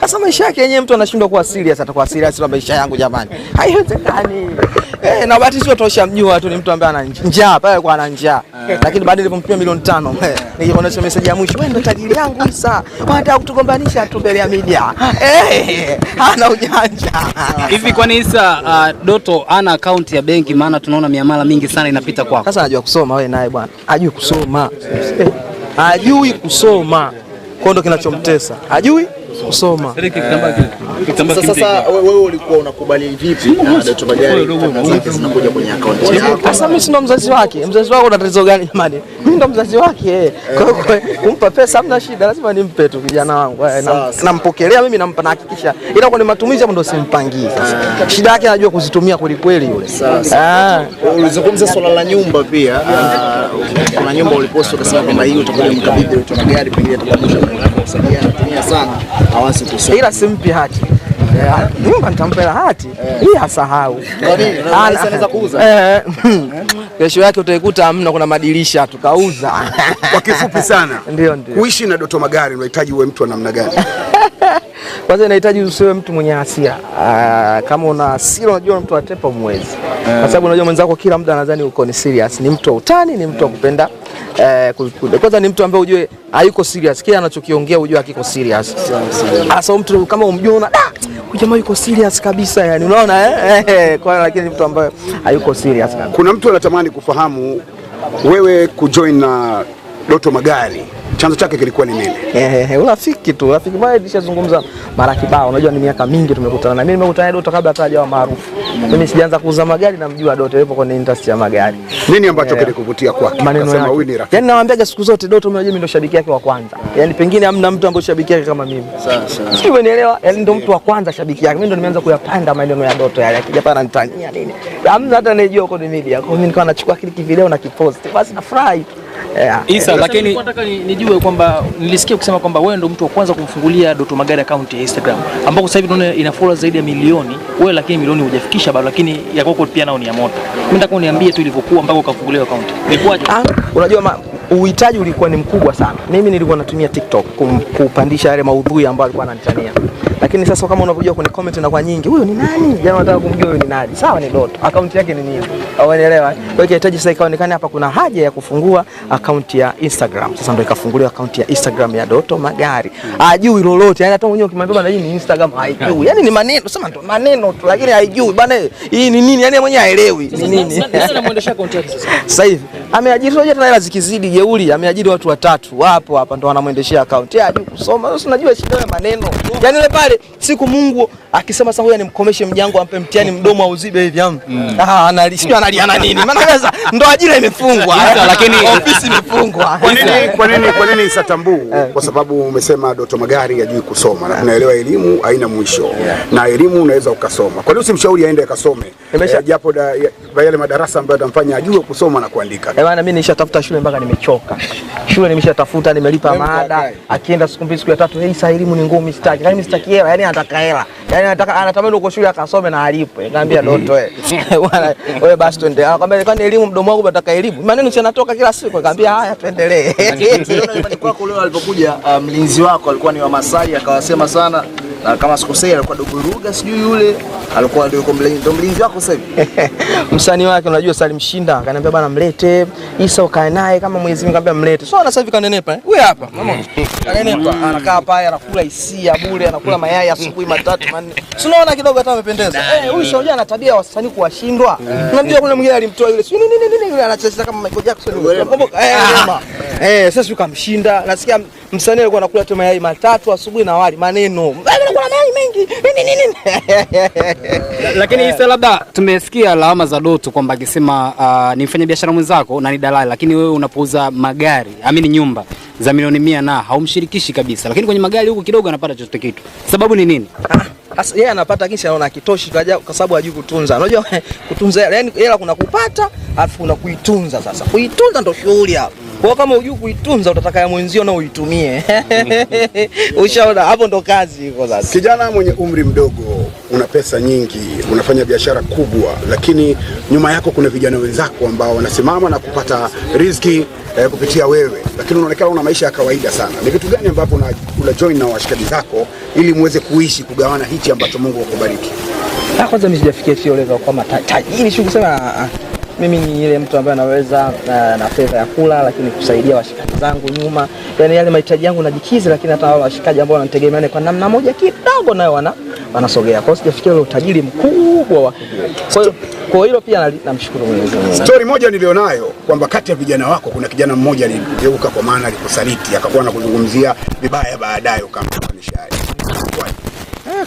Sasa maisha yake yenyewe mtu anashindwa kuwa serious, atakuwa serious na maisha yangu jamani, haiwezekani. Eh, na bahati sio tosha, mjua tu ni mtu ambaye ana njaa pale kwa ana njaa, eh. lakini baada nilipomtumia milioni tano eh, nilionyesha message ya mwisho, wewe ndio tajiri yangu Isa, Hata kutugombanisha tu mbele ya media. Eh, ana ujanja hivi. kwa nini Isa uh, Doto ana account ya benki? Maana tunaona miamala mingi sana inapita kwako. Sasa anajua kusoma wewe naye bwana, ajui kusoma, eh, ajui kusoma, kwa ndo kinachomtesa, ajui kusoma. Yaani sasa wewe ulikuwa unakubali vipi zinakuja kwenye akaunti yako? Sasa mimi sina mzazi wake. Mzazi wako una tatizo gani jamani? Mimi ndo mzazi wake, kwa hiyo kumpa pesa hamna shida, lazima nimpe tu kijana wangu, eh, nampokelea mimi, nampa nahakikisha, ila kwa ni matumizi hapo ndo simpangii. Sasa ah. shida yake anajua kuzitumia kweli kweli yule. Sasa ah. ulizungumza swala la nyumba pia, kuna ah, nyumba uliposti ukasema kwamba hii utakuja mkabidhi, utakuja gari pengine atakusaidia kawaida sana hawasi kusoma, ila simpi hati eh. ah, nyumba nitampela hati eh. hii hasahau. Eh, hmm. Kesho yake utaikuta amna, kuna madirisha tukauza. Kwa kifupi sana, ndio ndio kuishi na Doto Magari unahitaji uwe mtu wa namna gani? Kwanza inahitaji usiwe mtu mwenye hasira. Ah, kama una hasira, unajua mtu atepa mwezi kwa sababu unajua mwenzako kila muda nadhani uko ni serious, ni mtu wa utani, ni mtu wa kupenda eh, kwanza ni mtu ambaye ujue hayuko serious, kile anachokiongea ujue hakiko serious. Ah, Sasa mtu kama umjiona jamaa yuko serious kabisa, yani unaona eh, eh kwa lakini mtu ambaye hayuko serious kabisa. Kuna mtu anatamani kufahamu wewe kujoin na Doto Magari chanzo chake kilikuwa ni nini? Eh, eh, eh urafiki tu, urafiki mbaya nishazungumza mara kibao, unajua ni miaka mingi tumekutana, na mimi nimekutana na Doto kabla hata hajawa maarufu. Mimi sijaanza kuuza magari, namjua Doto, yupo kwenye industry ya magari. Nini ambacho yeah, kilikuvutia kwake? Maneno yake, huyu ni rafiki. Yani nawaambiaga siku zote, Doto mimi najua mimi ndo shabiki yake wa kwanza, Yaani pengine hamna mtu ambaye shabiki yake kama mimi. Sawa sawa. sijui unielewa, Yaani ndo mtu wa kwanza shabiki yake. Mimi ndo nimeanza kuyapanda maneno ya Doto yale, akija pale ananitania nini, hamna hata anayejua huko ni media. Kwa hiyo mimi nikawa nachukua kile kivideo na kipost. basi nafurahi tu Yeah. Isa, lakini nataka nijue kwamba nilisikia ukisema kwamba wewe ndo mtu wa kwanza kumfungulia Doto Magari akaunti ya Instagram ambako sasa hivi tunaona ina followers zaidi ya milioni, wewe lakini milioni hujafikisha bado, lakini ya kwako pia nao ni ya moto. Mimi nataka uniambie tu ilivyokuwa mpaka ukafunguliwa akaunti. Ilikuwaje? Ah, unajua ma uhitaji ulikuwa ni mkubwa sana. Mimi nilikuwa natumia TikTok kum, kupandisha yale maudhui ambayo alikuwa ananitania, lakini sasa kama unavyojua kwenye comment na kwa nyingi, huyo ni nani Jana nataka kumjua huyo ni nani. Sawa, ni Doto. akaunti yake ni nini? Unaelewa? Kwa hiyo ikahitaji sasa, ikaonekana hapa kuna haja ya kufungua akaunti ya Instagram. Sasa ndio ikafunguliwa akaunti ya Instagram ya Doto Magari, ajui lolote Yaani hata mwenyewe ukimwambia bana, hii ni Instagram haijui, Yaani ni maneno sema, ndio maneno tu, lakini haijui bana, hii ni nini, Yaani mwenyewe haelewi ni nini. Sasa akaunti yake sasa. Sasa hivi ameajiri, unajua tena hela zikizidi jeuri ameajiri watu watatu wapo hapa ndo wanamwendeshea akaunti. ya juu kusoma. Sasa unajua shida ya maneno. yani, ile pale siku Mungu akisema sasa huyu nimkomeshe mjango ampe mtiani mdomo auzibe hivi hamu. Mm. Ah, analisijua analiana nini? Maana sasa ndo ajira imefungwa. Lakini ofisi imefungwa. Kwa nini kwa nini kwa nini Satambuu? Eh. Kwa sababu umesema Doto Magari hajui kusoma na tunaelewa elimu haina mwisho. Na elimu unaweza ukasoma. Kwa nini usimshauri aende akasome? Eh, japo yale madarasa ambayo atamfanya ajue kusoma na kuandika. Eh, maana mimi nishatafuta shule mpaka nimechoka nimechoka shule, nimeshatafuta nimelipa maada, akienda siku mbili siku ya tatu, hei, saa elimu ni ngumu, sitaki. Yani sitaki hela, yani anataka hela, yani anataka anatamani uko shule akasome na alipe. Ngambia ndoto wewe wewe, basi twende. Akwambia kwani elimu mdomo wangu unataka elimu? Maneno yanatoka kila siku? Akwambia haya, tuendelee. Lakini kwako leo alipokuja uh, mlinzi wako alikuwa ni Masai akawasema sana na kama sikosei, alikuwa Dogo Ruga, sijui yule alikuwa ndio ndo mlinzi wako sasa hivi msanii wake, unajua Salim Shinda akaniambia bana, mlete Isa ukae naye kama mwezi Mungu ambaye mlete so, ana sasa hivi kanenepa eh, wewe hapa mama, kanenepa anakaa hapa, anakula hisia bure, anakula mayai asubuhi matatu manne, si unaona kidogo hata amependeza. Eh, huyu sio ana tabia wasanii kuwashindwa. Eh. Unajua kuna mwingine alimtoa yule, si nini nini yule, anacheza kama Michael Jackson, unakumbuka? Eh, ah. Mama eh, sasa ukamshinda, nasikia msanii alikuwa anakula tu mayai matatu asubuhi na wali maneno anakula mayai mengi nini nini. Lakini hisa, eh. labda tumesikia lawama za Doto kwamba akisema uh, ni mfanyabiashara mwenzako na ni dalali, lakini wewe unapouza magari amini nyumba za milioni mia na haumshirikishi kabisa, lakini kwenye magari huku kidogo anapata chochote kitu, sababu ni nini? Ah, sasa yeye anapata kinsi anaona kitoshi kwa sababu hajui kutunza. Unajua kutunza, yani hela kuna kupata alafu kuna kuitunza. Sasa kuitunza ndio shughuli hapo. Kwa kama hujui kuitunza utataka ya mwenzio na uitumie. Ushaona hapo ndo kazi iko sasa. Kijana mwenye umri mdogo, una pesa nyingi, unafanya biashara kubwa, lakini nyuma yako kuna vijana wenzako ambao wanasimama na kupata riziki eh, kupitia wewe, lakini unaonekana una maisha ya kawaida sana. Ni vitu gani ambapo una, una join na washikaji zako ili muweze kuishi kugawana hichi ambacho Mungu akubariki? Ah, kwanza mimi sijafikia kama tajiri, matajiri, shukusema ah, ah mimi ni ile mtu ambaye anaweza na, na fedha ya kula, lakini kusaidia washikaji zangu nyuma, yani yale mahitaji yangu najikizi, lakini hata wale washikaji ambao wanategemeana kwa namna moja kidogo, nayo wana wanasogea kwao. Sijafikia ile utajiri mkubwa wa Kwa hiyo kwa hilo pia namshukuru Mwenyezi Mungu. Story moja nilionayo kwamba kati ya vijana wako kuna kijana mmoja aligeuka, kwa maana alikusaliti, akakuwa anakuzungumzia vibaya, baadaye ukamfananisha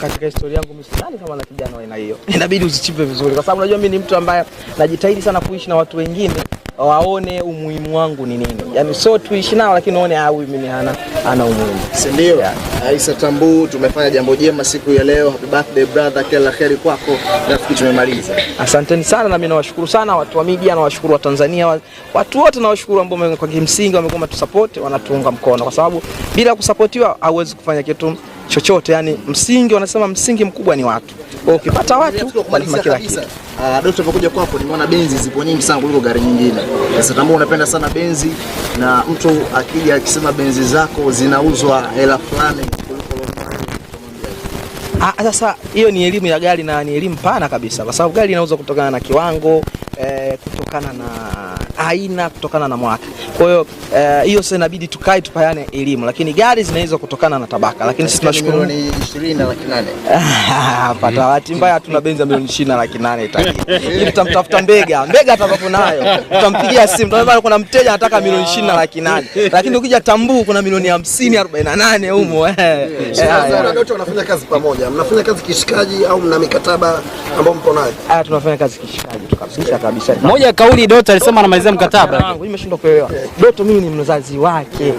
katika historia yangu mishindani kama na kijana aina hiyo, inabidi uzichipe vizuri, kwa sababu unajua mimi ni mtu ambaye najitahidi sana kuishi na watu wengine waone umuhimu wangu ni nini, yani sio tuishi nao, lakini waone ah, huyu mimi hana ana umuhimu, si ndio? Yeah. Aisa Tambu, tumefanya jambo jema siku ya leo. Happy birthday brother, kila la heri kwako. Rafiki, tumemaliza. Asanteni sana, nami nawashukuru sana watu wa media, nawashukuru wa Tanzania, watu wote nawashukuru ambao kwa kimsingi wamekuwa wametusupport, wanatuunga mkono, kwa sababu bila kusapotiwa hauwezi kufanya kitu chochote. Yani msingi, wanasema msingi mkubwa ni watu. Kwa ukipata watu wanasema kila kitu. Uh, ah, Dotto alivyokuja kwako nimeona Benzi zipo nyingi sana kuliko gari nyingine. Sasa tambua unapenda sana Benzi na mtu akija akisema Benzi zako zinauzwa hela fulani ah, sasa hiyo ni elimu ya gari na ni elimu pana kabisa, kwa sababu gari inauzwa kutokana na kiwango eh, kutokana na aina kutokana na mwaka. Kwa hiyo eh, hiyo uh, sasa inabidi tukae tupayane elimu, lakini gari zinaweza kutokana na tabaka, lakini sisi tunashukuru ni 20 na laki nane pata bahati mbaya hatuna benzi ya milioni 20 na laki nane ili tutamtafuta Mbega. Mbega atakapo nayo tutampigia simu, tunasema kuna mteja anataka milioni 20 na laki nane lakini ukija Tambu kuna milioni 50 48 humo. Eh, eh, wote wanafanya kazi pamoja, mnafanya kazi kishikaji au mna mikataba ambayo mko nayo? Ah, tunafanya kazi kishikaji tukabisa kabisa. Moja kauli Dota alisema anamaliza mkataba. Mimi nimeshindwa kuelewa. Doto mimi ni mzazi wake.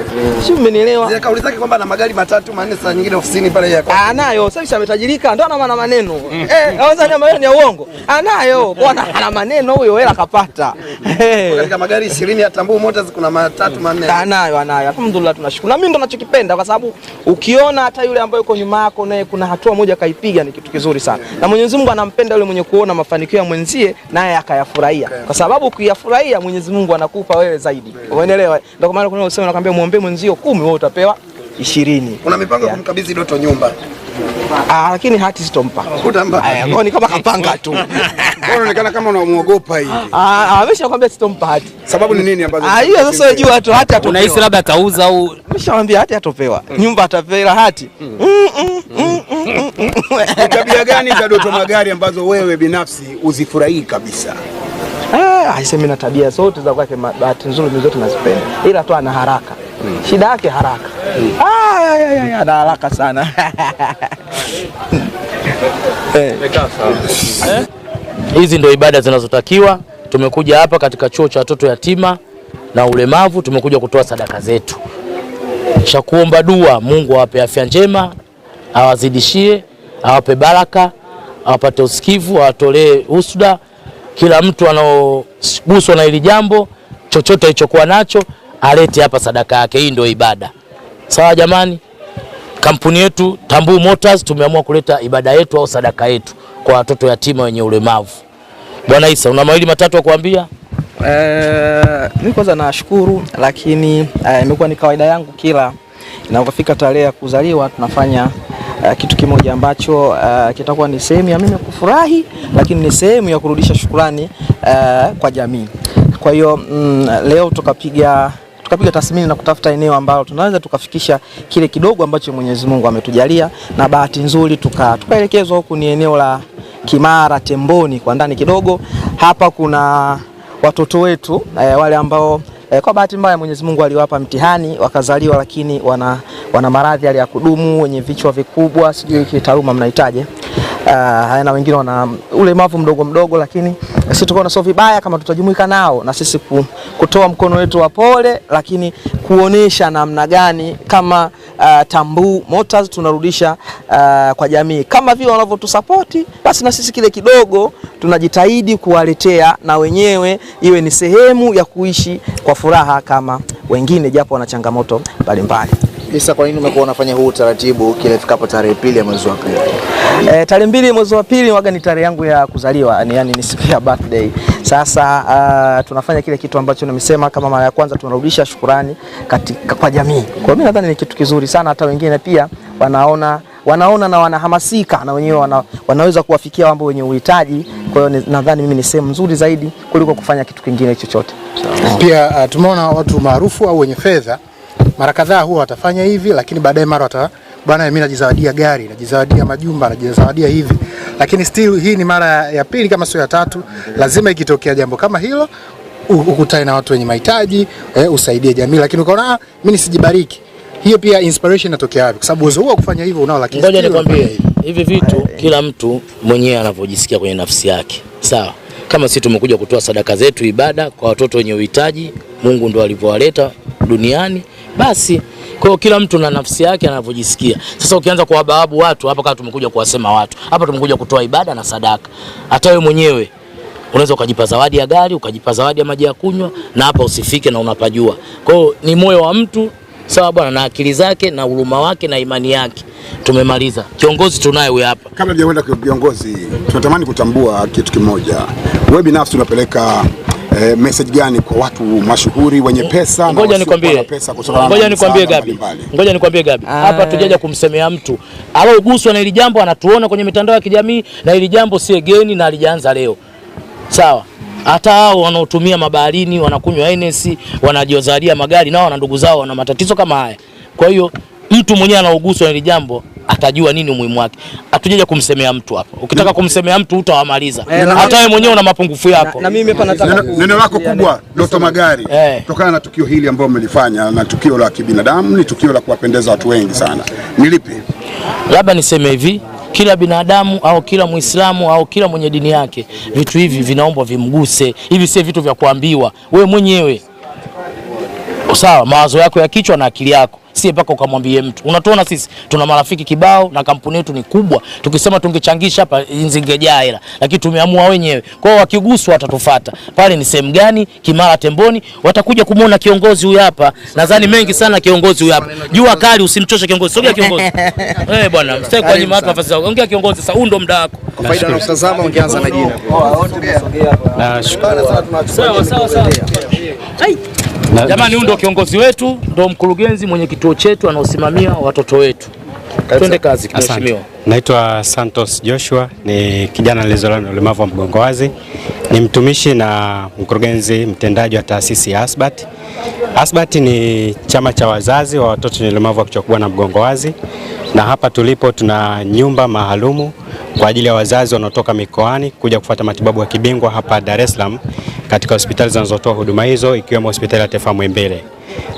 Si umenielewa? Zile kauli zake kwamba ana magari matatu manne saa nyingine ofisini pale yako. Anayo. Ah, Sasa ametajirika ndio ana maana maneno. Eh, hawazani maneno ni ya uongo. Anayo. Ah, Bwana ana maneno huyo hela kapata. Eh. Katika magari 20 ya Tambuu Motors kuna matatu manne. Anayo, ah, anayo. Alhamdulillah tunashukuru. Na mimi ndo ninachokipenda kwa sababu ukiona hata yule ambaye yuko nyuma yako naye kuna hatua moja kaipiga ni kitu kizuri sana. Na Mwenyezi Mungu anampenda yule mwenye kuona mafanikio ya mwenzie naye akayafurahia. Kwa sababu ukiyafurahia Mwenyezi Mwenyezi Mungu anakupa wewe zaidi, umeelewa? Ndio kwa maana kuna usema nakwambia, muombe mwenzio kumi, wewe utapewa ishirini. Kuna mipango kumkabidhi Doto nyumba? Ah, lakini hati sitompa. Ni kama kapanga tu. Unaonekana kama unamuogopa hivi. Ah, ah ameshakwambia sitompa hati. Sababu ni nini ambazo? Ah, hiyo sasa unajua hati hatopewa. Unahisi labda atauza au ameshamwambia hati atopewa. Hmm. Nyumba atapewa hati. Hmm. Mm, mm, mm, tabia gani za Doto Magari ambazo wewe binafsi uzifurahii kabisa? Ah, eh, aisemi na tabia zote za kwake, bahati nzuri mimi zote nazipenda, ila tu ana haraka mm. shida yake haraka mm. ah, ya, ya, ya, ana haraka sana eh. Eh? hizi eh. ndio ibada zinazotakiwa. Tumekuja hapa katika chuo cha watoto yatima na ulemavu, tumekuja kutoa sadaka zetu, cha kuomba dua Mungu awape afya njema, awazidishie, awape baraka, awapate usikivu, awatolee husuda kila mtu anaoguswa na hili jambo, chochote alichokuwa nacho alete hapa sadaka yake. Hii ndio ibada. Sawa jamani, kampuni yetu Tambuu Motors tumeamua kuleta ibada yetu au sadaka yetu kwa watoto yatima wenye ulemavu. Bwana Isa, una mawili matatu ya kuambia? Uh, mi kwanza nashukuru, lakini eh, imekuwa uh, ni kawaida yangu kila inapofika tarehe ya kuzaliwa tunafanya uh, kitu kimoja ambacho uh, kitakuwa ni sehemu ya mimi kufurahi, lakini ni sehemu ya kurudisha shukrani uh, kwa jamii. Kwa hiyo mm, leo tukapiga tukapiga tathmini na kutafuta eneo ambalo tunaweza tukafikisha kile kidogo ambacho Mwenyezi Mungu ametujalia, na bahati nzuri tukaelekezwa huku ni eneo la Kimara Temboni kwa ndani kidogo. Hapa kuna watoto wetu eh, wale ambao E, kwa bahati mbaya Mwenyezi Mungu aliwapa mtihani wakazaliwa, lakini wana, wana maradhi ya kudumu, wenye vichwa vikubwa, sijui kitaaluma mnahitaje ah, hayana na wengine wana ulemavu mdogo mdogo, lakini sisi tukaona sio vibaya kama tutajumuika nao na sisi kutoa mkono wetu wa pole, lakini kuonesha namna gani kama uh, Motors tunarudisha uh, kwa jamii kama vile wanavyotusapoti, basi na sisi kile kidogo tunajitahidi kuwaletea na wenyewe iwe ni sehemu ya kuishi kwa furaha kama wengine, japo wana changamoto mbalimbali. Isa, kwa nini umekuwa unafanya huu utaratibu kila ifikapo tarehe pili ya mwezi wa pili? E, tarehe mbili mwezi wa pili waga ni tarehe yangu ya kuzaliwa, yani ni siku ya birthday sasa uh, tunafanya kile kitu ambacho nimesema kama mara ya kwanza, tunarudisha shukurani katika kwa jamii. Kwa mimi nadhani ni kitu kizuri sana, hata wengine pia wanaona wanaona na wanahamasika na wenyewe wana, wanaweza kuwafikia wambo wenye uhitaji. Kwa hiyo nadhani mimi ni sehemu nzuri zaidi kuliko kufanya kitu kingine chochote. Pia uh, tumeona watu maarufu au wenye fedha mara kadhaa huwa watafanya hivi, lakini baadaye mara wata bwana, mimi najizawadia gari, najizawadia majumba, najizawadia hivi lakini still hii ni mara ya pili kama sio ya tatu. Lazima ikitokea jambo kama hilo ukutane na watu wenye mahitaji eh, usaidie jamii, lakini ukaona ah, mimi nisijibariki, hiyo pia inspiration inatokea wapi? Kwa sababu uwezo wa kufanya hivyo unao, lakini ngoja nikwambie hivi vitu kila mtu mwenyewe anavyojisikia kwenye nafsi yake, sawa. Kama sisi tumekuja kutoa sadaka zetu ibada kwa watoto wenye uhitaji, Mungu ndo alivyowaleta duniani, basi kwa hiyo kila mtu na nafsi yake anavyojisikia. Sasa ukianza kuwababu watu hapa, kama tumekuja kuwasema watu hapa, tumekuja kutoa ibada na sadaka. Hata wewe mwenyewe unaweza ukajipa zawadi ya gari, ukajipa zawadi ya maji ya kunywa, na hapa usifike na unapajua. Kwa hiyo ni moyo wa mtu sawa bwana, na akili zake na huruma wake na imani yake. Tumemaliza kiongozi, tunaye huyu hapa. Kabla hujaenda kwa viongozi, tunatamani kutambua kitu kimoja. Wewe binafsi unapeleka eh, message gani kwa watu mashuhuri wenye eh, pesa? Ngoja nikwambie, ngoja nikwambie Gabi, ngoja ah. nikwambie Gabi, hapa tujaja kumsemea mtu aloguswa na hili jambo, anatuona kwenye mitandao ya kijamii na hili jambo si geni na alijaanza leo, sawa hata hao wanaotumia mabaharini wanakunywa NS wanajozalia magari, nao na ndugu zao wana matatizo kama haya. Kwa hiyo mtu mwenyewe anaoguswa na hili jambo atajua nini umuhimu wake. Hatujaja kumsemea mtu hapa. Ukitaka kumsemea mtu utawamaliza, eh, hata wewe mwenyewe una mapungufu yako. Na mimi hapa nataka neno lako kubwa, yaani- Doto Magari, eh. kutokana na tukio hili ambalo mmelifanya, na tukio la kibinadamu, ni tukio la kuwapendeza watu wengi sana, ni lipi? Labda niseme hivi kila binadamu au kila Muislamu au kila mwenye dini yake, vitu hivi vinaombwa vimguse. Hivi si vitu vya kuambiwa, we mwenyewe sawa, mawazo yako ya kichwa na akili yako sie mpaka ukamwambie mtu. Unatuona sisi tuna marafiki kibao na kampuni yetu ni kubwa, tukisema tungechangisha hapa zingejaa hela, lakini tumeamua wenyewe. Kwa hiyo wakiguswa watatufuata pale. Ni sehemu gani? Kimara Temboni, watakuja kumwona kiongozi huyu hapa. Nadhani mengi sana kiongozi huyu hapa, jua kali, usimchoshe kiongozi. Sogea kiongozi. Eh bwana, msitaki kwa nyuma hapa nafasi zao. Ongea kiongozi, sasa huu ndo muda wako. Kwa faida na utazama, ungeanza na jina. Nashukuru. Sawa sawa sawa. Hai. Jamani, huyu ndo kiongozi wetu, ndo mkurugenzi mwenye kituo chetu, anaosimamia watoto wetu. Twende kazi, mheshimiwa. Naitwa Santos Joshua, ni kijana nilizaliwa na ulemavu wa mgongo wazi, ni mtumishi na mkurugenzi mtendaji wa taasisi ya ASBAT. ASBAT ni chama cha wazazi wa watoto wenye ulemavu wa kichwa kubwa na mgongo wazi, na hapa tulipo tuna nyumba maalumu kwa ajili ya wazazi wanaotoka mikoani kuja kufuata matibabu ya kibingwa hapa Dar es Salaam katika hospitali zinazotoa huduma hizo ikiwemo hospitali ya Taifa Muhimbili.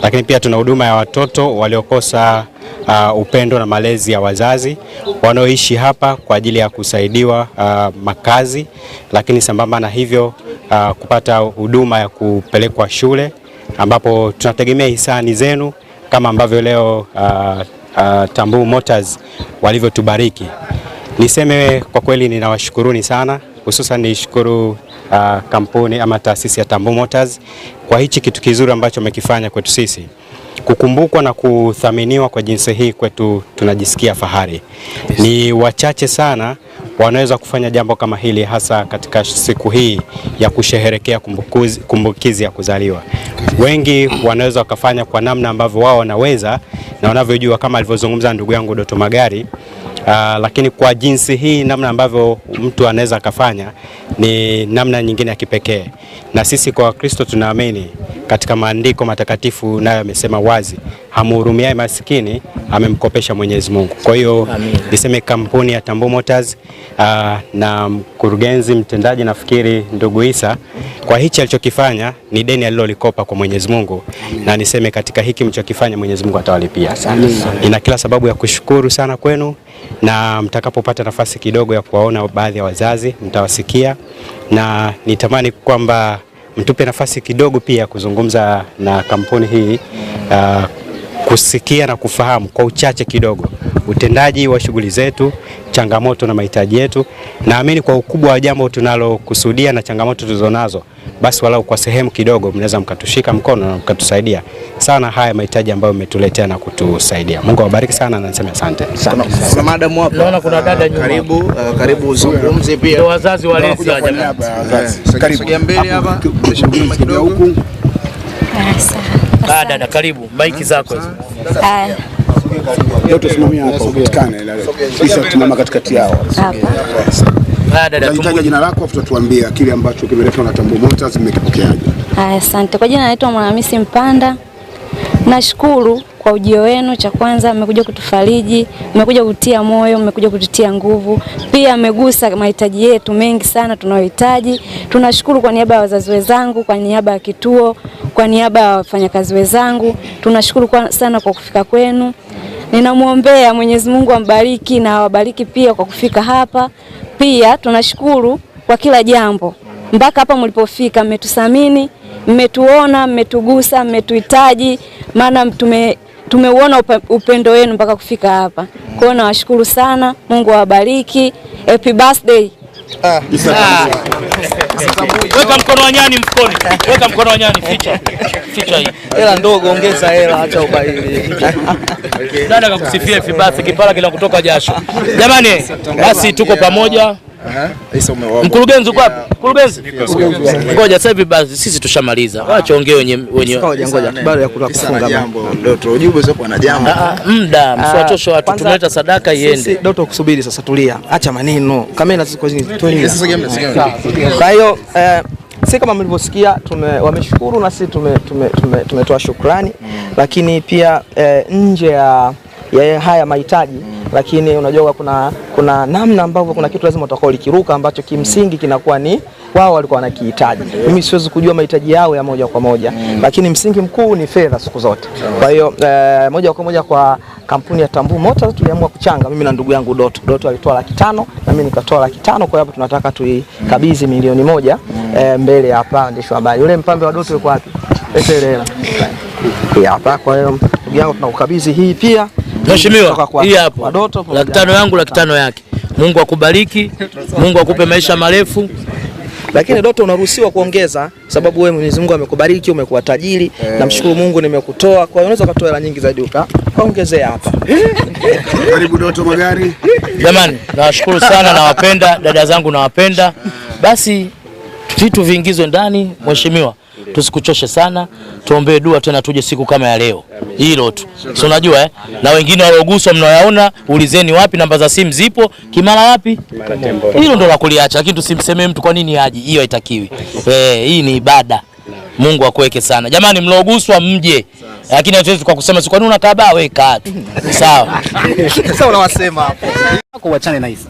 Lakini pia tuna huduma ya watoto waliokosa uh, upendo na malezi ya wazazi wanaoishi hapa kwa ajili ya kusaidiwa uh, makazi, lakini sambamba na hivyo uh, kupata huduma ya kupelekwa shule ambapo tunategemea hisani zenu kama ambavyo leo uh, uh, Tambuu Motors walivyotubariki. Niseme kwa kweli ninawashukuruni sana, hususan nishukuru uh, kampuni ama taasisi ya Tambo Motors kwa hichi kitu kizuri ambacho wamekifanya kwetu sisi. Kukumbukwa na kuthaminiwa kwa jinsi hii kwetu tunajisikia fahari. Ni wachache sana wanaweza kufanya jambo kama hili hasa katika siku hii ya kusherehekea kumbukizi, kumbukizi ya kuzaliwa. Wengi wanaweza wakafanya kwa namna ambavyo wao wanaweza na wanavyojua, kama alivyozungumza ndugu yangu Doto Magari Uh, lakini kwa jinsi hii namna ambavyo mtu anaweza akafanya ni namna nyingine ya kipekee, na sisi kwa Kristo tunaamini katika maandiko matakatifu, nayo amesema wazi, hamhurumiaye masikini amemkopesha Mwenyezi Mungu. Kwa hiyo niseme kampuni ya Tambo Motors uh, na mkurugenzi mtendaji nafikiri ndugu Isa, kwa hichi alichokifanya ni deni alilolikopa kwa Mwenyezi Mungu, na niseme katika hiki mlichokifanya Mwenyezi Mungu atawalipia. Ina kila sababu ya kushukuru sana kwenu na mtakapopata nafasi kidogo ya kuwaona baadhi ya wazazi mtawasikia, na nitamani kwamba mtupe nafasi kidogo pia ya kuzungumza na kampuni hii uh, kusikia na kufahamu kwa uchache kidogo utendaji wa shughuli zetu changamoto na mahitaji yetu. Naamini kwa ukubwa wa jambo tunalokusudia na changamoto tulizonazo, basi walau kwa sehemu kidogo mnaweza mkatushika mkono na mkatusaidia sana haya mahitaji ambayo mmetuletea na kutusaidia. Mungu awabariki sana na niseme asante. Kuna madam hapa. Naona kuna dada nyuma. Karibu, uh, karibu uzungumze pia. Ndio wazazi walezi wa jamii. Eh, karibu. Mbele hapa. kidogo Huku. Ah, ah, dada, karibu. Maiki ah, zako hizo. Leo tusimamia hapa upatikane, kisha tumama katikati yao. Unahitaji jina lako afu tutuambia kile ambacho kimeletwa na Tambo Motors, mmekipokeaje? Haya, asante. Kwa jina naitwa Mwanahamisi Mpanda. Nashukuru kwa ujio wenu. Cha kwanza, mmekuja kutufariji, mmekuja kutia moyo, mmekuja kututia nguvu, pia mmegusa mahitaji yetu mengi sana tunayohitaji. Tunashukuru kwa niaba ya wazazi wenzangu, kwa niaba ya kituo, kwa niaba ya wafanyakazi wenzangu, tunashukuru sana kwa kufika kwenu. Ninamwombea Mwenyezi Mungu ambariki na awabariki pia kwa kufika hapa. Pia tunashukuru kwa kila jambo mpaka hapa mlipofika, mmetusamini, mmetuona, mmetugusa, mmetuhitaji, maana tume tumeuona upendo wenu mpaka kufika hapa. Kwa hiyo nawashukuru sana, Mungu awabariki. Happy birthday. Weka mkono wa nyani mfukoni, weka mkono wa nyani, ficha ficha hii hela ndogo, ongeza hela, acha ubaili. Dada kakusifia, basi kipara kutoka jasho. Jamani, basi tuko pamoja. Mkurugenzi uko wapi? Mkurugenzi, ngoja sasa hivi basi sisi tushamaliza, ah. wacha ongee wenye wenyewe. Muda msiwatoshe watu, tumeleta sadaka iende. Doto kusubiri sasa, tulia, acha maneno, kamera ziko kwa hiyo eh, si kama mlivyosikia, tume wameshukuru na sisi tume tumetoa shukrani, mm. lakini pia eh, nje ya haya mahitaji mm lakini unajua kuna, kuna namna ambavyo kuna kitu lazima utakao likiruka ambacho kimsingi kinakuwa ni wao walikuwa wanakihitaji. Mimi siwezi kujua mahitaji yao ya moja kwa moja, lakini msingi mkuu ni fedha siku zote. Kwa hiyo eh, moja kwa moja kwa kampuni ya Tambuu Motors tuliamua kuchanga, mimi na ndugu yangu Doto. Doto alitoa laki tano na mimi nikatoa laki tano. Kwa hiyo tunataka tuikabidhi milioni moja eh, mbele hapa ndio habari. Yule mpambe wa Doto yuko wapi? Hapa. Kwa hiyo ndugu yangu tunakukabidhi hii pia Mheshimiwa, hii hapo laki tano yangu, laki tano yake. Mungu akubariki, Mungu akupe maisha marefu. Lakini Doto, unaruhusiwa kuongeza sababu wewe Mwenyezi Mungu amekubariki, umekuwa tajiri. Eh. Namshukuru Mungu nimekutoa, kwa hiyo unaweza kutoa hela nyingi zaidi ukaongezea hapa. Karibu Doto Magari. Jamani, nawashukuru sana, nawapenda dada zangu, nawapenda. Eh. Basi vitu viingizwe ndani, Mheshimiwa. Tusikuchoshe sana, tuombee dua tena, tuje siku kama ya leo. Hilo tu, si unajua eh? Na wengine walioguswa mnayaona, ulizeni wapi, namba za simu zipo. Kimara wapi? Hilo ndo la kuliacha, lakini tusimsemee mtu kwa nini aje. Hiyo haitakiwi. Eh, hii ni ibada. Mungu akuweke sana jamani, mloguswa mje, lakini hatuwezi kwa kusema si kwa nini unakaa baa, wewe kaa tu sawa sawa, unawasema hapo, kuachane na hizo.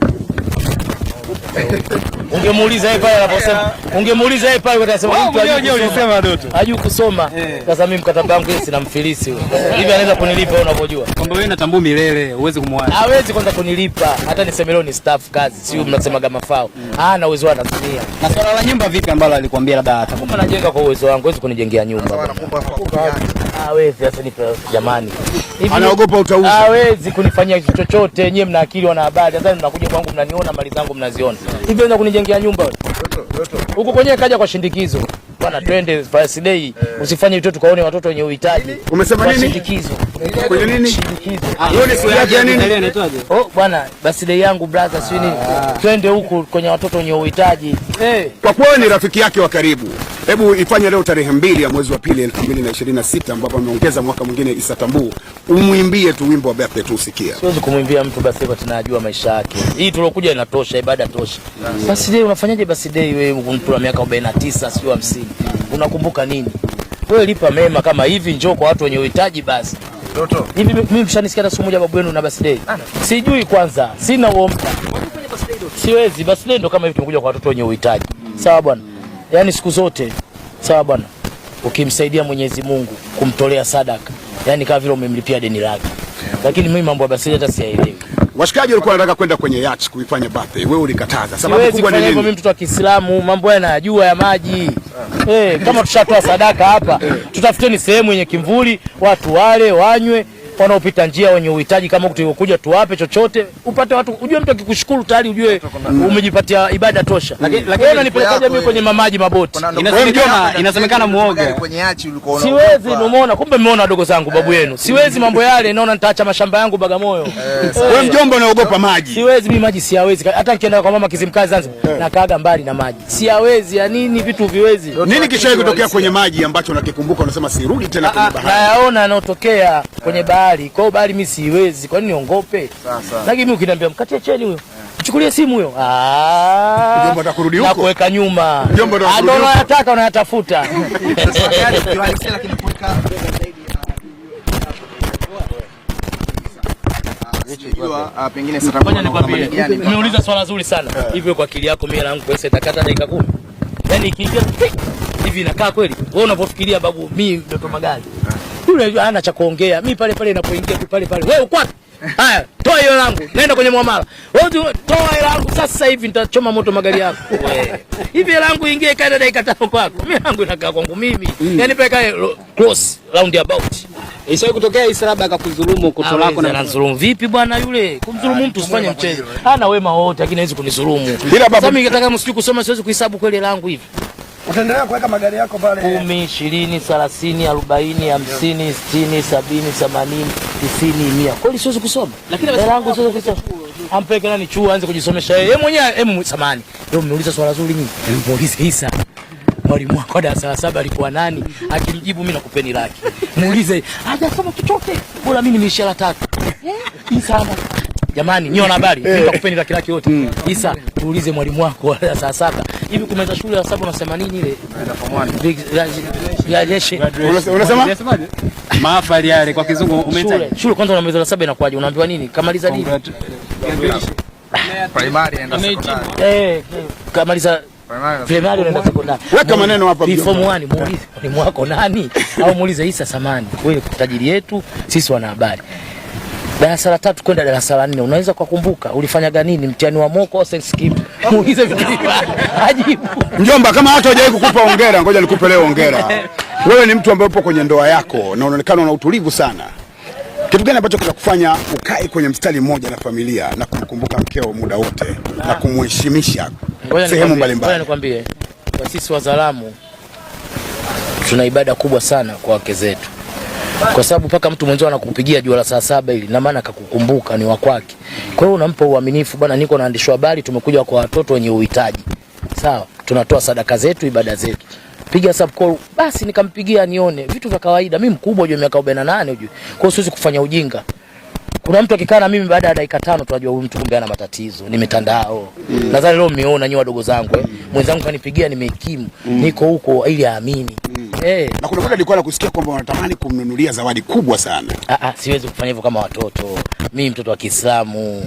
Ungemuuliza yeye pale anaposema, ungemuuliza yeye pale atasema mtu alisema Doto hajui kusoma. Eh. Sasa mimi mkataba wangu hii sina mfilisi hivi, anaweza kunilipa wewe unavyojua kwamba wewe unatambua milele, huwezi kumwacha, hawezi kwanza kunilipa hata niseme leo ni staff kazi, sio mnasema kama fao ah, na uwezo natumia. Na swala la nyumba vipi ambalo alikwambia labda atakupa, anajenga kwa uwezo wangu, hawezi kunijengea nyumba hawezi sasa. Ni jamani, anaogopa utauza, hawezi kunifanyia kitu chochote. nyie mna akili, wana habari. Sasa mnakuja kwangu, mnaniona mali zangu mnaziona hivi, enda kunijengea nyumba huko kwenyewe, kaja kwa shindikizo bwana, twende first usifanye vitu tukaone watoto wenye uhitaji. Umesema nini? Shindikizo Ah, oh bwana, birthday yangu brother, si nini, ah. twende huku kwenye watoto wenye uhitaji. Eh. Kwa kweli ni rafiki yake wa karibu. Hebu ifanye leo tarehe mbili ya mwezi wa pili 2026 ambapo ameongeza mwaka mwingine. Issa Tambuu, umwimbie tu wimbo wa birthday tu usikia. Siwezi kumwimbia mtu birthday kwa tunajua maisha yake. Hii tuliokuja inatosha, ibada tosha. Birthday unafanyaje birthday wewe mtu wa miaka 49 sio 50? Unakumbuka nini? Wewe lipa mema kama hivi, njoo kwa watu wenye uhitaji basi. Doto. Hivi mimi mshanisikia hata siku moja babu yenu na birthday. Ah, Sijui kwanza, sina uomba. Siwezi, birthday ndo kama hivi tumekuja kwa watoto wenye uhitaji. Sawa bwana. Yaani siku zote. Sawa bwana. Ukimsaidia Mwenyezi Mungu kumtolea sadaka, yaani kama vile umemlipia deni lake. Lakini mimi mambo ya birthday hata siyaelewi. Washikaji walikuwa wanataka kwenda kwenye yacht kuifanya birthday. Wewe ulikataza. Sababu kubwa ni nini? Mimi mtoto wa Kiislamu mambo haya najua ya maji. Eh, kama tushatoa sadaka hapa, eh. tutafuteni sehemu yenye kimvuli, watu wale wanywe wanaopita njia, wenye uhitaji kama tulivyokuja, tuwape chochote, upate watu, ujue mtu akikushukuru tayari ujue umejipatia ibada tosha. lakini unanipelekaje mimi kwenye mamaji maboti? Inasemekana inasemekana muoge kwenye achi muoga, siwezi. Umeona, kumbe mmeona wadogo zangu, babu eh. yenu, siwezi mambo yale. Naona nitaacha mashamba yangu Bagamoyo. Eh, eh. Wewe mjomba, unaogopa maji? Siwezi mimi, maji siyawezi. Hata nikienda kwa mama Kizimkazi Zanzibar, nakaaga mbali na maji, siyawezi. Ya nini vitu viwezi nini? Kishawahi kutokea kwenye maji ambacho unakikumbuka unasema sirudi tena kwenye ah, ah, bahari? Nayaona yanayotokea kwenye bahari bahari. Kwa hiyo bahari mimi siwezi, kwa nini niongope? Lakini mimi ukiniambia mkatie cheni huyo eh. chukulie simu huyo ah. na kuweka nyuma, ah, ndio unayotaka unayatafuta. swala zuri sana hivyo, kwa akili yako mimi pesa itakata dakika kumi, yaani ikiingia hivi inakaa kweli. Wewe unavyofikiria babu, mimi magari yule ana cha kuongea. Mimi pale pale ninapoingia tu pale pale. Wewe uko wapi? Haya, toa hiyo langu. nenda kwenye muamala. Wewe toa hiyo langu sasa hivi nitachoma moto magari yako. hivi. Hiyo langu ingie kaenda dakika tano kwako. Mimi langu inakaa kwangu mimi. Mm. yani pale kae cross round about. Isiwe kutokea Issa labda akakudhulumu koto lako na nadhulumu vipi bwana yule? Kumdhulumu ah, mtu usifanye mchezo. Hana wema wote lakini hawezi kunidhulumu. Sasa mimi nataka msijui kusoma siwezi kuhesabu kweli langu hivi utaendelea kuweka magari yako pale, kumi, ishirini, thelathini, arobaini, hamsini, sitini, sabini, themanini, tisini, mia. Kweli siwezi kusoma, lakini langu siwezi kusoma. ampeke nani chuo aanze kujisomesha yeye yeye mwenyewe. Hebu samani, leo mmeuliza swala zuri nyinyi, nimuulize Isa mwalimu wako darasa la saba alikuwa nani? Akinijibu mimi nakupeni laki. Muulize hajasoma chochote, bora mimi nimeisha la tatu. Eh? Isa jamani, nyie wana habari, eh. nitakupeni laki laki yote. Hmm. Isa tuulize mwalimu wako darasa la saba hivi kumeza shule ya saba unasema nini ile? Unasema mahafali yale kwa kizungu umetaja. Shule kwanza unamaliza la saba inakuwaje? Unaambiwa nini? Kamaliza nini? Primary enda secondary. Eh, kamaliza primary enda sekondari. Weka maneno hapa. Form 1 muulize mwalimu wako nani au muulize Isa Samani. Wewe tajiri yetu sisi wanahabari darasa la tatu kwenda darasa la nne, unaweza kukumbuka ulifanyaga nini mtihani wa moko au skip? Muulize vitu ajibu. Mjomba, kama watu hawajawahi kukupa hongera, ngoja nikupe leo hongera. Wewe ni mtu ambaye upo kwenye ndoa yako na unaonekana una utulivu sana. Kitu gani ambacho kinakufanya ukae kwenye mstari mmoja na familia na kumkumbuka mkeo muda wote na kumheshimisha sehemu mbalimbali? Ngoja nikwambie, kwa sisi Wazalamu tuna ibada kubwa sana kwa wake zetu kwa sababu paka mtu mwenzio anakupigia jua la saa saba ili na maana akakukumbuka ni wa kwake. Kwa hiyo unampa uaminifu bwana, niko naandishwa habari, tumekuja kwa watoto wenye uhitaji, sawa, tunatoa sadaka zetu, ibada zetu piga sub call basi, nikampigia nione vitu vya kawaida. Mimi mkubwa hujue, miaka 48 hujue, kwa hiyo siwezi kufanya ujinga. Kuna mtu akikaa na mimi baada ya dakika tano tunajua huyu mtu kumbe ana matatizo, ni mitandao mm. Nadhani leo mmeona nyoa wadogo zangu eh, mwenzangu kanipigia, nimehikimu mm. niko huko ili aamini hey. Eh. Na kuna kuna nilikuwa nakusikia kwamba wanatamani kumnunulia zawadi kubwa sana. Ah, ah, siwezi kufanya hivyo kama watoto. Mimi mtoto wa Kiislamu.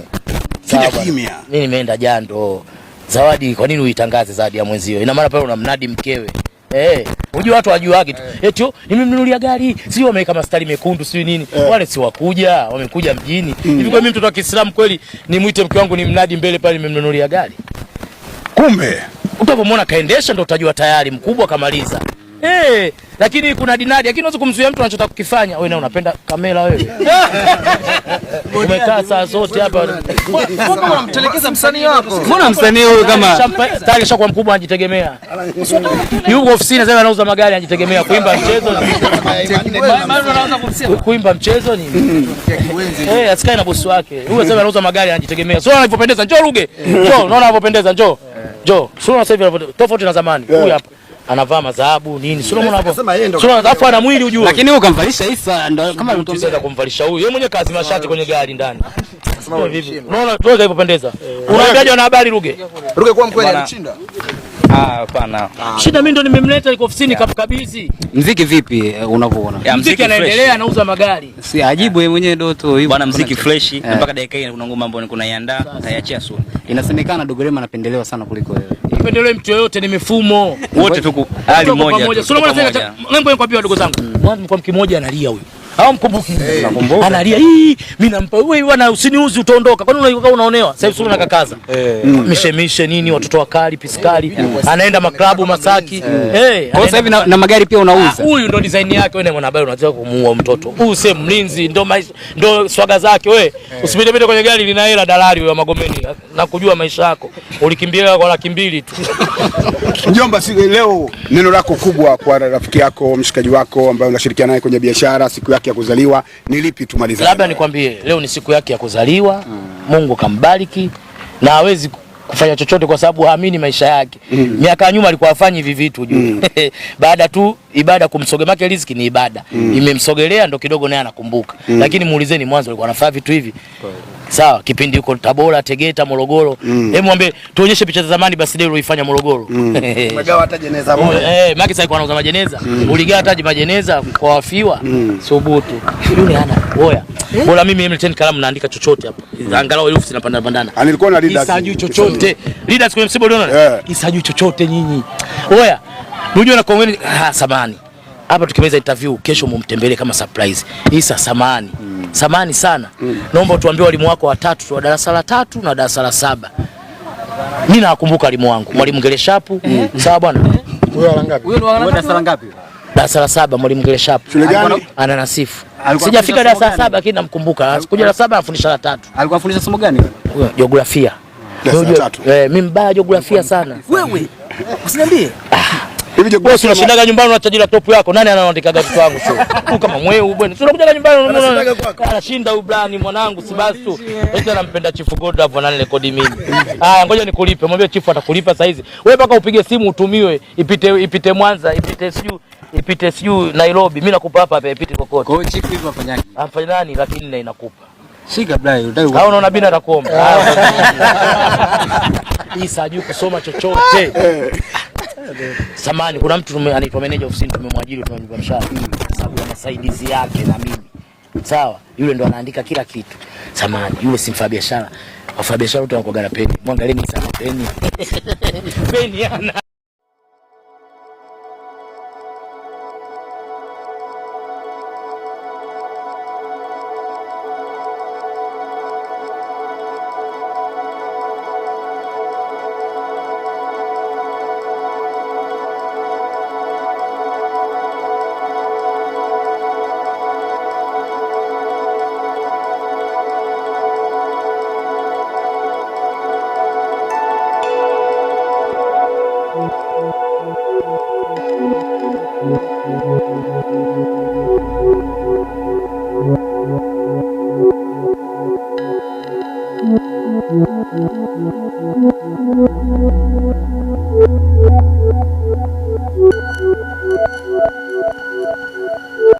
Kimya Mimi nimeenda jando. Zawadi kwa nini uitangaze zawadi ya mwenzio? Ina maana pale unamnadi mkewe. Eh, unajua watu wajua wake tu. Hey. Eh. Eti nimemnunulia gari, sio wameweka mastari mekundu, sio nini. Hey. Eh. Wale si wakuja, wamekuja mjini. Mm. Hivi kwa mimi mtoto wa Kiislamu kweli nimuite mke wangu nimnadi mbele pale nimemnunulia gari. Kumbe utapomwona kaendesha ndo utajua tayari mkubwa kamaliza. Hey, eh, lakini kuna dinadi, lakini unaweza kumzuia mtu anachotaka kukifanya. Wewe na unapenda kamera wewe. Umekaa saa zote hapa. Mbona unamtelekeza msanii wako? Mbona msanii huyu kama tayari shakuwa mkubwa anajitegemea. Yuko ofisini sasa anauza magari anajitegemea kuimba mchezo na kuimba mchezo ni. Eh, asikae na bosi wake. Huyo sasa anauza magari anajitegemea. Sio anavyopendeza, njoo Ruge. Njoo, unaona anavyopendeza, njoo. Njoo. Sio sasa hivi tofauti na zamani. Huyu hapa anavaa madhahabu nini, sio unaona hapo, sio alafu ana mwili ujue, lakini wewe ukamvalisha Isa ndio kama unatosea kumvalisha huyu, yeye mwenyewe kazi mashati kwenye gari ndani. Unaona tuweza hivyo pendeza. Eh. Unahitaji wana habari Ruge, Ruge kwa mkweli anachinda Ah, hapana. Shida mimi ndo nimemleta iko ofisini yeah. kamkabidhi. Mziki vipi eh, unavyoona? Yeah, Mziki anaendelea anauza magari. Si ajibu yeye yeah. mwenyewe Doto hivi. Bwana mziki fresh yeah. mpaka dakika hii kuna ngoma ambayo nikuna iandaa tayachia soon. Inasemekana Dogo Rema anapendelewa sana kuliko wewe. Ipendelewe mtu yoyote ni mifumo. Wote tuko hali moja. Sio mbona sasa ngombe nikwambia wadogo zangu. Mwanzo mkwa mkimoja analia huyu hey. Analia hii mimi nampa wewe bwana usiniuzi utaondoka. Kwani unaikaa unaonewa? Sasa hivi unakakaza. Mm. Mishemishe nini watoto wakali piskali. Anaenda maklabu Masaki. Eh. Kwa sasa hivi na magari pia unauza. Ah, huyu ndo design yake wewe mwanahabari unataka kumuua mtoto. Huyu si mlinzi ndo ndo swaga zake wewe. Usipite pite kwenye gari lina hela dalali wa Magomeni. Nakujua maisha yako. Ulikimbia kwa laki mbili tu. Mjomba, leo neno lako kubwa kwa rafiki yako, mshikaji wako ambaye unashirikiana naye kwenye biashara siku ya yake ya kuzaliwa ni lipi? Tumalize labda nikwambie, leo ni siku yake ya kuzaliwa mm. Mungu kambariki na hawezi kufanya chochote kwa sababu haamini maisha yake. mm. Miaka ya nyuma alikuwa afanyi hivi vitu juu. mm. baada tu ibada kumsogemake, riziki ni ibada. mm. Imemsogelea ndo kidogo naye anakumbuka. mm. Lakini muulizeni mwanzo alikuwa anafaa vitu hivi sawa, kipindi huko Tabora, Tegeta, Morogoro. Mm. Hebu mwambie tuonyeshe picha za zamani basi leo uifanya Morogoro. Mm. Eh, Umegawa hata jeneza moja. Eh, eh maki sasa anauza majeneza. Mm. Uligawa hata majeneza kwa wafiwa. Mm. Subutu. Yule ana oya. Eh? Bora mimi M10 kalamu naandika chochote hapa. Mm. Angalau herufi zinapanda bandana ah, Nilikuwa na leader Isajui chochote. leader siku msiba uliona? Yeah. Isajui chochote nyinyi. Oya. Unajua na kongeni ah, samani. Hapa tukimaliza interview kesho mumtembelee kama surprise. Isa samani. Mm samani sana mm. Naomba tuambie walimu wako watatu wa darasa la tatu na darasa la saba. Mimi nakumbuka walimu wangu mwalimu mm. Geleshapu mm. Sawa bwana, huyo ana ngapi? Huyo darasa ngapi? Darasa la saba mwalimu Geleshapu nasifu sijafika darasa la saba lakini namkumbuka. Kuja la saba anafundisha la tatu. Alikuwa anafundisha somo gani? Jiografia. Eh, mimi mbaya jiografia sana. Wewe usiniambie. Hivi je, sio shindaga nyumbani unatajira topu yako? Nani anaandika vitu kwangu sio? Tu kama mweu bwana. Sio unakuja nyumbani unaona anashinda huyu blani mwanangu si basi tu. Eti anampenda hapo nani rekodi mimi. Haya ngoja nikulipe. Mwambie Chief atakulipa saa hizi. Wewe paka upige simu utumiwe ipite ipite Mwanza, ipite siju ipite siju Nairobi. Mimi nakupa hapa hapa ipite kokote. Kwa hiyo Chief hivi afanyaje? Afanya nani lakini na inakupa. Shika blai, unataka. Hao unaona bina atakuomba. Isa hajui kusoma chochote. Eh. Samani, kuna mtu anaitwa meneja ofisini, tumemwajiri tumemlipa mshahara kwa sababu ya masaidizi yake na mimi. Sawa, yule ndo anaandika kila kitu. Samani, yule si mfanya biashara. Wafanya biashara wote wanakuwa na peni. Mwangalieni sana peni. Peni ana